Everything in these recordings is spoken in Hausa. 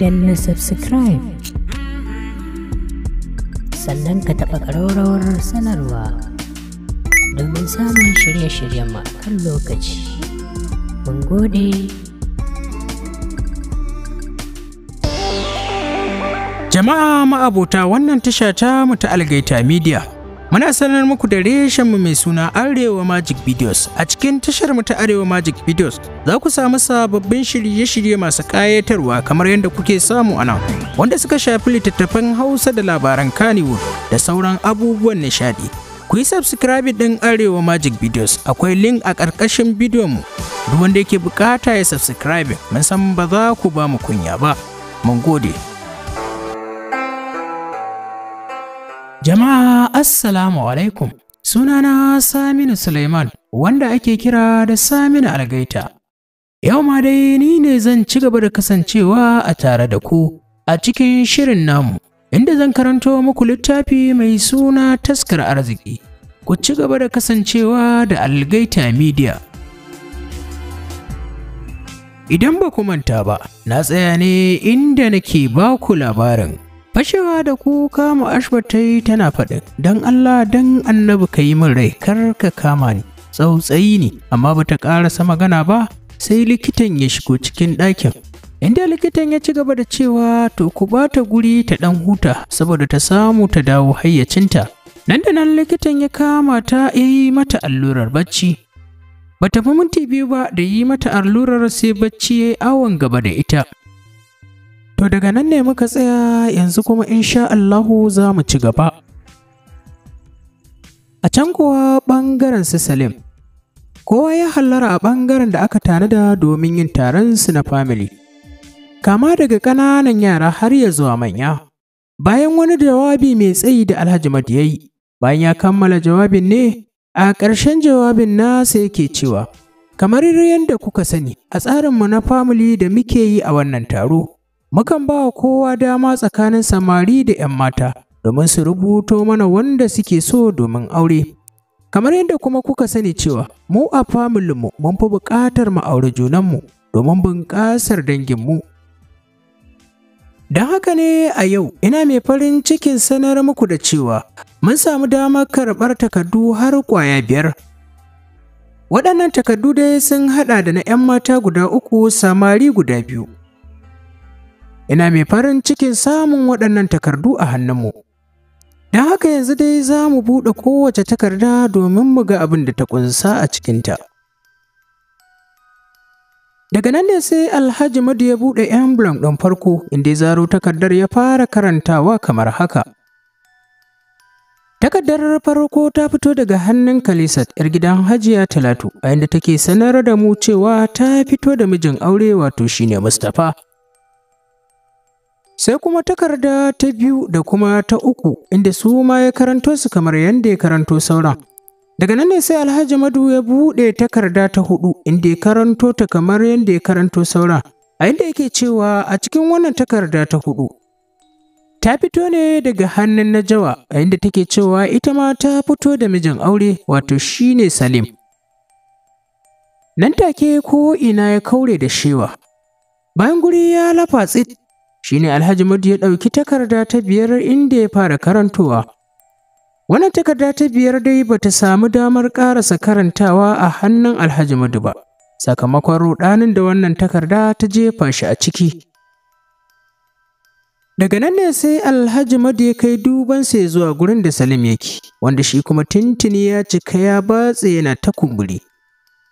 na subscribe sannan ka taɓa ƙararrawar sanarwa domin samun shirye-shiryen mu kan lokaci mun gode jama'a ma'abota wannan tasha ta mu ta algaita media Muna sanar muku da reshen mu mai suna Arewa Magic Videos. A cikin tashar mu ta Arewa Magic Videos za ku samu sababbin shirye-shirye masu ƙayatarwa kamar yadda kuke samu a nan, wanda suka shafi littattafan Hausa da labaran Kaniwo da sauran abubuwan nishaɗi. Ku yi subscribe ɗin Arewa Magic Videos, akwai link a ƙarƙashin bidiyon mu. Duk wanda yake buƙata ya subscribe, mun san ba za ku ba mu kunya ba. Mun gode. Jama'a Assalamu alaikum. Sunana Saminu Suleiman wanda ake kira da Saminu Algaita. Yau ma dai ni ne zan ci gaba da kasancewa a tare da ku a cikin shirin namu inda zan karanto muku littafi mai suna taskar arziki. Ku ci gaba da kasancewa da Algaita Media. Idan ba ku manta ba, na tsaya ne inda nake baku ku labarin fashewa da kuka ma'ashba ta tana faɗin don allah don annabi ka yi min rai kar ka kama ni tsautsayi ne amma ba bata ƙarasa magana ba sai likitan ya shigo cikin ɗakin inda likitan ya ci gaba da cewa to ku ba ta guri ta ɗan huta saboda ta samu ta dawo hayyacinta nan da nan likitan ya kama ta ya yi mata allurar bacci bata fi minti biyu ba da yi mata allurar sai bacci ya yi awon gaba da ita To daga nan ne muka tsaya yanzu kuma insha Allahu za mu ci gaba. A can kuwa bangaren su Salim, kowa ya hallara a ɓangaren da aka tanada domin yin taron su na famili. Kama daga ƙananan yara har ya zuwa manya. Bayan wani jawabi mai tsayi da Alhaji Mad ya bayan ya kammala jawabin ne, a ƙarshen jawabin nasa ke cewa, kamar yadda kuka sani a tsarinmu na family da muke yi a wannan taro, Mukan ba wa kowa dama tsakanin samari da 'yan mata domin su rubuto mana wanda suke so domin aure. Kamar yadda kuma kuka sani cewa mu a familinmu mun fi buƙatar mu aure junanmu domin bunƙasar danginmu. Don haka ne a yau ina mai farin cikin sanar muku da cewa mun samu damar karɓar takardu har ƙwaya biyar. Waɗannan takardu dai sun haɗa da na 'yan mata guda uku samari guda biyu Ina mai farin cikin samun waɗannan takardu a hannunmu. Don haka yanzu dai za mu buɗe kowace takarda domin mu ga abin da ta ƙunsa a cikinta. Daga nan ne sai Alhaji Madu ya buɗe emblem ɗin farko inda ya zaro takardar ya fara karantawa kamar haka. Takardar farko ta fito daga hannun kalisat 'yar gidan Hajiya Talatu, a inda take sanar da mu cewa ta fito da mijin aure wato shine Mustapha. sai kuma takarda ta biyu da kuma ta uku inda su ma ya karanto su kamar yadda ya karanto sauran daga nan ne sai alhaji madu ya buɗe takarda ta hudu inda ya karanto ta kamar yadda ya karanto sauran a inda yake cewa a cikin wannan takarda ta hudu ta fito ne daga hannun na jawa, a inda take cewa ita ma ta fito da mijin aure wato shine salim nan take ko ina ya kaure da shewa bayan guri ya lafa tsit shine Alhaji Madu ya ɗauki takarda ta biyar inda ya fara karantowa. Wannan takarda ta biyar dai ba ta samu damar ƙarasa karantawa a hannun Alhaji Madu ba, sakamakon ruɗanin da wannan takarda ta jefa shi a ciki. Daga nan ne sai Alhaji Madu ya kai dubansa ya zuwa gurin da Salim yake, wanda shi kuma tintini ya cika ya batse yana ta kumburi.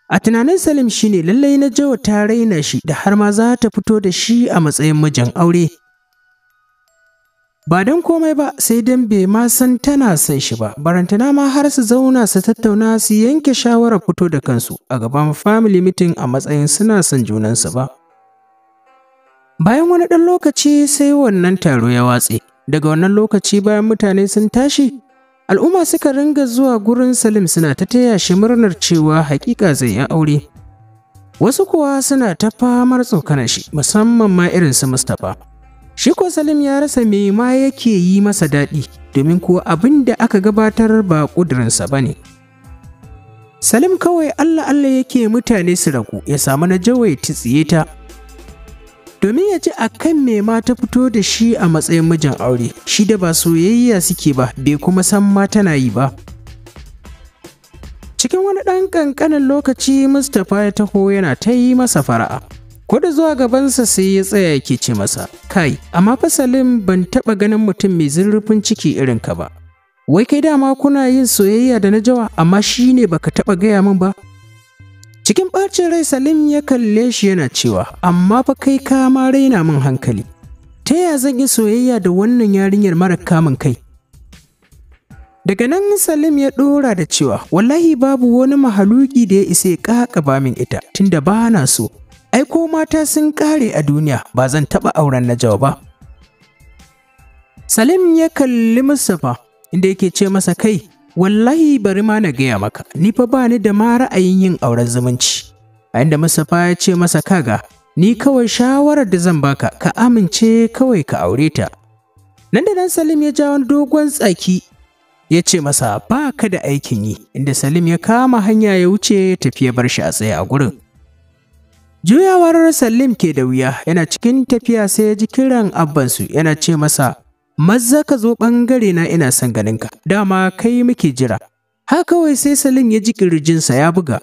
A tunanin Salim shi ne lallai na jawa ta raina shi da har ma za ta fito da shi a matsayin mijin aure. Ba don komai ba sai don bai ma san tana son shi ba, barantana ma har su zauna su tattauna su yanke shawarar fito da kansu a gaban family meeting a matsayin suna son junansu ba. Bayan wani ɗan lokaci sai wannan taro ya watse, daga wannan lokaci bayan mutane sun tashi Al'umma suka ringa zuwa gurin Salim suna ta taya shi murnar cewa haƙiƙa zai yi aure. Wasu kuwa suna ta famar tsokana shi musamman ma irin su Mustapha. Shi ko Salim ya rasa me ma yake yi masa daɗi domin kuwa abin da aka gabatar ba ƙudurinsa ba ne. Salim kawai Allah Allah yake mutane su ragu ya samu na jawai tsiye ta domin ya ce a kan me ma ta fito da shi a matsayin mijin aure shi da ba soyayya suke ba bai kuma san ma tana yi ba cikin wani ɗan ƙanƙanin lokaci mustapha ya taho yana ta yi masa fara'a ko da zuwa gabansa sai ya tsaya yake ce masa kai amma fasalin ban taɓa ganin mutum mai zurfin ciki irin ka ba wai kai dama kuna yin soyayya da na jawa amma shi ne baka taɓa gaya min ba Cikin ɓacin rai Salim ya kalle shi yana cewa, amma fa kai ka ma raina min hankali. Ta ya zan yi soyayya da wannan yarinyar mara kamun kai? Daga nan Salim ya ɗora da cewa, wallahi babu wani mahaluki da ya isa ya ƙaƙaba min ita, tunda ba na so. Ai ko mata sun ƙare a duniya, ba zan taɓa auren na jawa ba. Salim ya kalli Mustapha, inda yake ce masa kai, wallahi bari ma na gaya maka ni fa ba ni da ma ra'ayin yin auren zumunci a inda Mustapha ya ce masa kaga ni kawai shawarar da zan baka ka amince kawai ka aure ta nan da nan Salim ya ja wani dogon tsaki ya ce masa ba ka da aikin yi inda Salim ya kama hanya ya wuce ya tafi ya bar shi a tsaye a gurin juyawar Salim ke da wuya yana cikin tafiya sai ya ji kiran abbansu yana ce masa maza ka zo ɓangare na ina son ganinka dama kai muke jira ha kawai sai salim ya ji ƙirjinsa ya buga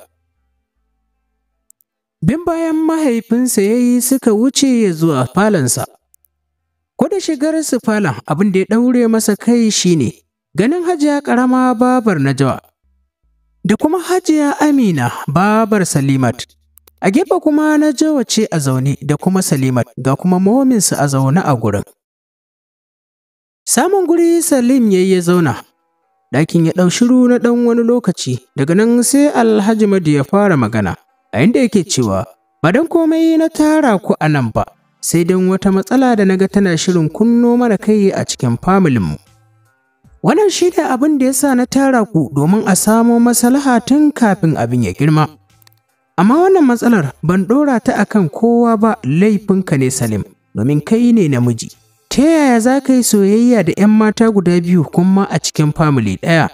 bin bayan mahaifinsa ya yi suka wuce ya zuwa falonsa ko da su falon abin da ya ɗaure masa kai shine ganin hajiya ƙarama babar najawa da kuma hajiya amina babar salimat a gefe kuma najawa ce a zaune da kuma salimat ga kuma mominsu a zaune a gurin Samun guri Salim ya yi ya zauna, ɗakin ya ɗau shiru na ɗan wani lokaci, daga nan sai Alhaji Madu ya fara magana, a inda yake cewa, ba don komai na tara ku a nan ba, sai don wata matsala da na ga tana shirin kunno mana kai a cikin familinmu. Wannan shi ne abin da ya sa na tara ku domin a samo maslaha tun kafin abin ya girma. Amma wannan matsalar ban ɗora ta akan kowa ba laifinka ne Salim, domin kai ne namiji. Ta yaya za ka yi soyayya da ‘yan mata guda biyu kuma a cikin famili ɗaya?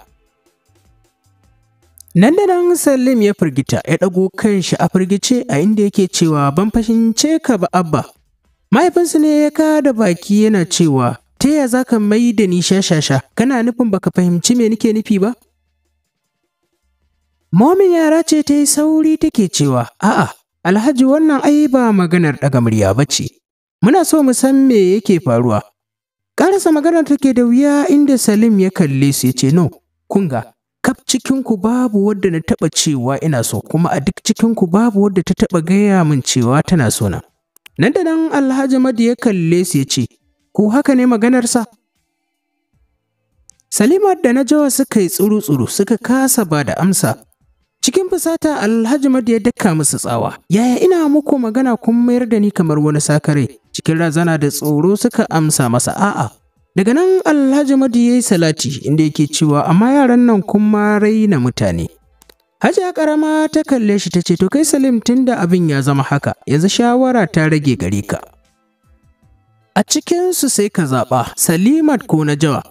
Nan da nan Salim ya firgita ya ɗago kanshi a firgice a inda yake cewa ban fashince ka ba abba. Mahaifinsu ne ya da baki yana cewa ta yaya za ka mai da ni shashasha kana nufin baka fahimci me nake nufi ba? Momin yara ce ta yi sauri take cewa a'a Alhaji wannan ai ba maganar ɗaga murya ba ce. Muna so mu san me yake faruwa. Ƙarasa maganar take da wuya inda Salim ya kalle su ya ce, No, kun ga, kaf cikinku babu wadda na taɓa cewa ina so, kuma a duk cikinku babu wadda ta taɓa gaya min cewa tana so na. Nan da nan Alhaji Madi ya kalle su ya ce, Ko haka ne maganarsa? Salima da na jawa suka yi tsuru-tsuru suka kasa ba da amsa. Cikin fusata Alhaji Madi ya daka musu tsawa, yaya ina muku magana kun mayar da ni kamar wani sakare. cikin razana da tsoro suka amsa masa a'a daga nan alhaji madu ya yi salati inda yake cewa amma yaran nan kuma raina mutane hajiya karama ta kalle shi ta ce to kai salim tunda abin ya zama haka yanzu shawara ta rage gare ka a cikinsu sai ka zaɓa salimat ko na jawa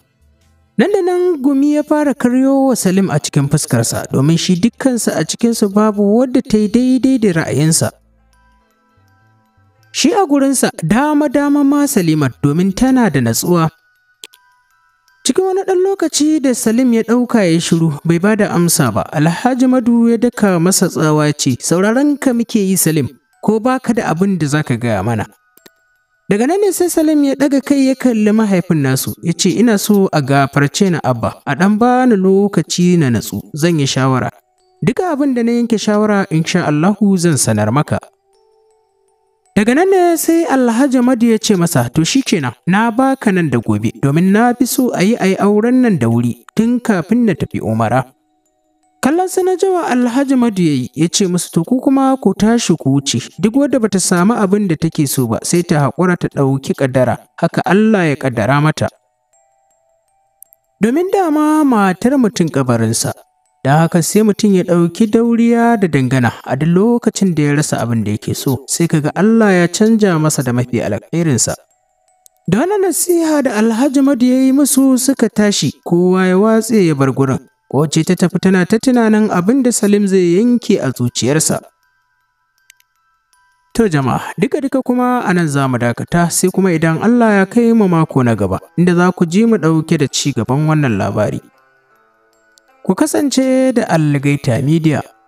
nan da nan gumi ya fara karyo wa salim a cikin fuskarsa domin shi dukkansa a cikinsu babu wadda ta yi daidai da ra'ayinsa Shi a gurinsa dama-dama ma Salimar domin tana da natsuwa. Cikin wani ɗan lokaci da Salim ya ɗauka ya shiru bai ba da amsa ba, Alhaji Madu ya daka masa tsawa ce, sauraron ka muke yi Salim, ko ba ka da abin da za ka gaya mana. Daga nan ne sai Salim ya ɗaga kai ya kalli mahaifin nasu, ya ce ina so a gafarce na abba, a ɗan bani lokaci na natsu, zan yi shawara. Duka abin da na yanke shawara, insha Allahu zan sanar maka. Daga nan ne sai Alhaji Madu ya ce masa to shi kenan na baka nan da gobe domin na fi so a yi a yi auren nan da wuri tun kafin na tafi Umara. Kallon su na jawa Alhaji Madu ya yi ya ce musu to ku kuma ku tashi ku wuce duk wadda bata samu abin da take so ba sai ta haƙura ta ɗauki ƙaddara haka Allah ya ƙaddara mata. Domin dama matar mutum ƙabarinsa. don haka sai mutum ya ɗauki dauriya da dangana a duk lokacin da ya rasa abin da yake so sai kaga Allah ya canja masa da mafi alkhairinsa da wani nasiha da alhaji madu ya yi musu suka tashi kowa ya watse ya bar gurin ce ta tafi tana ta tunanin abin da salim zai yanke a zuciyarsa To jama'a, duka-duka kuma a nan za mu dakata sai kuma idan Allah ya kai mu mako na gaba, inda za ku ji mu ɗauke da ci gaban wannan labari. Ku kasance da Alligator Media.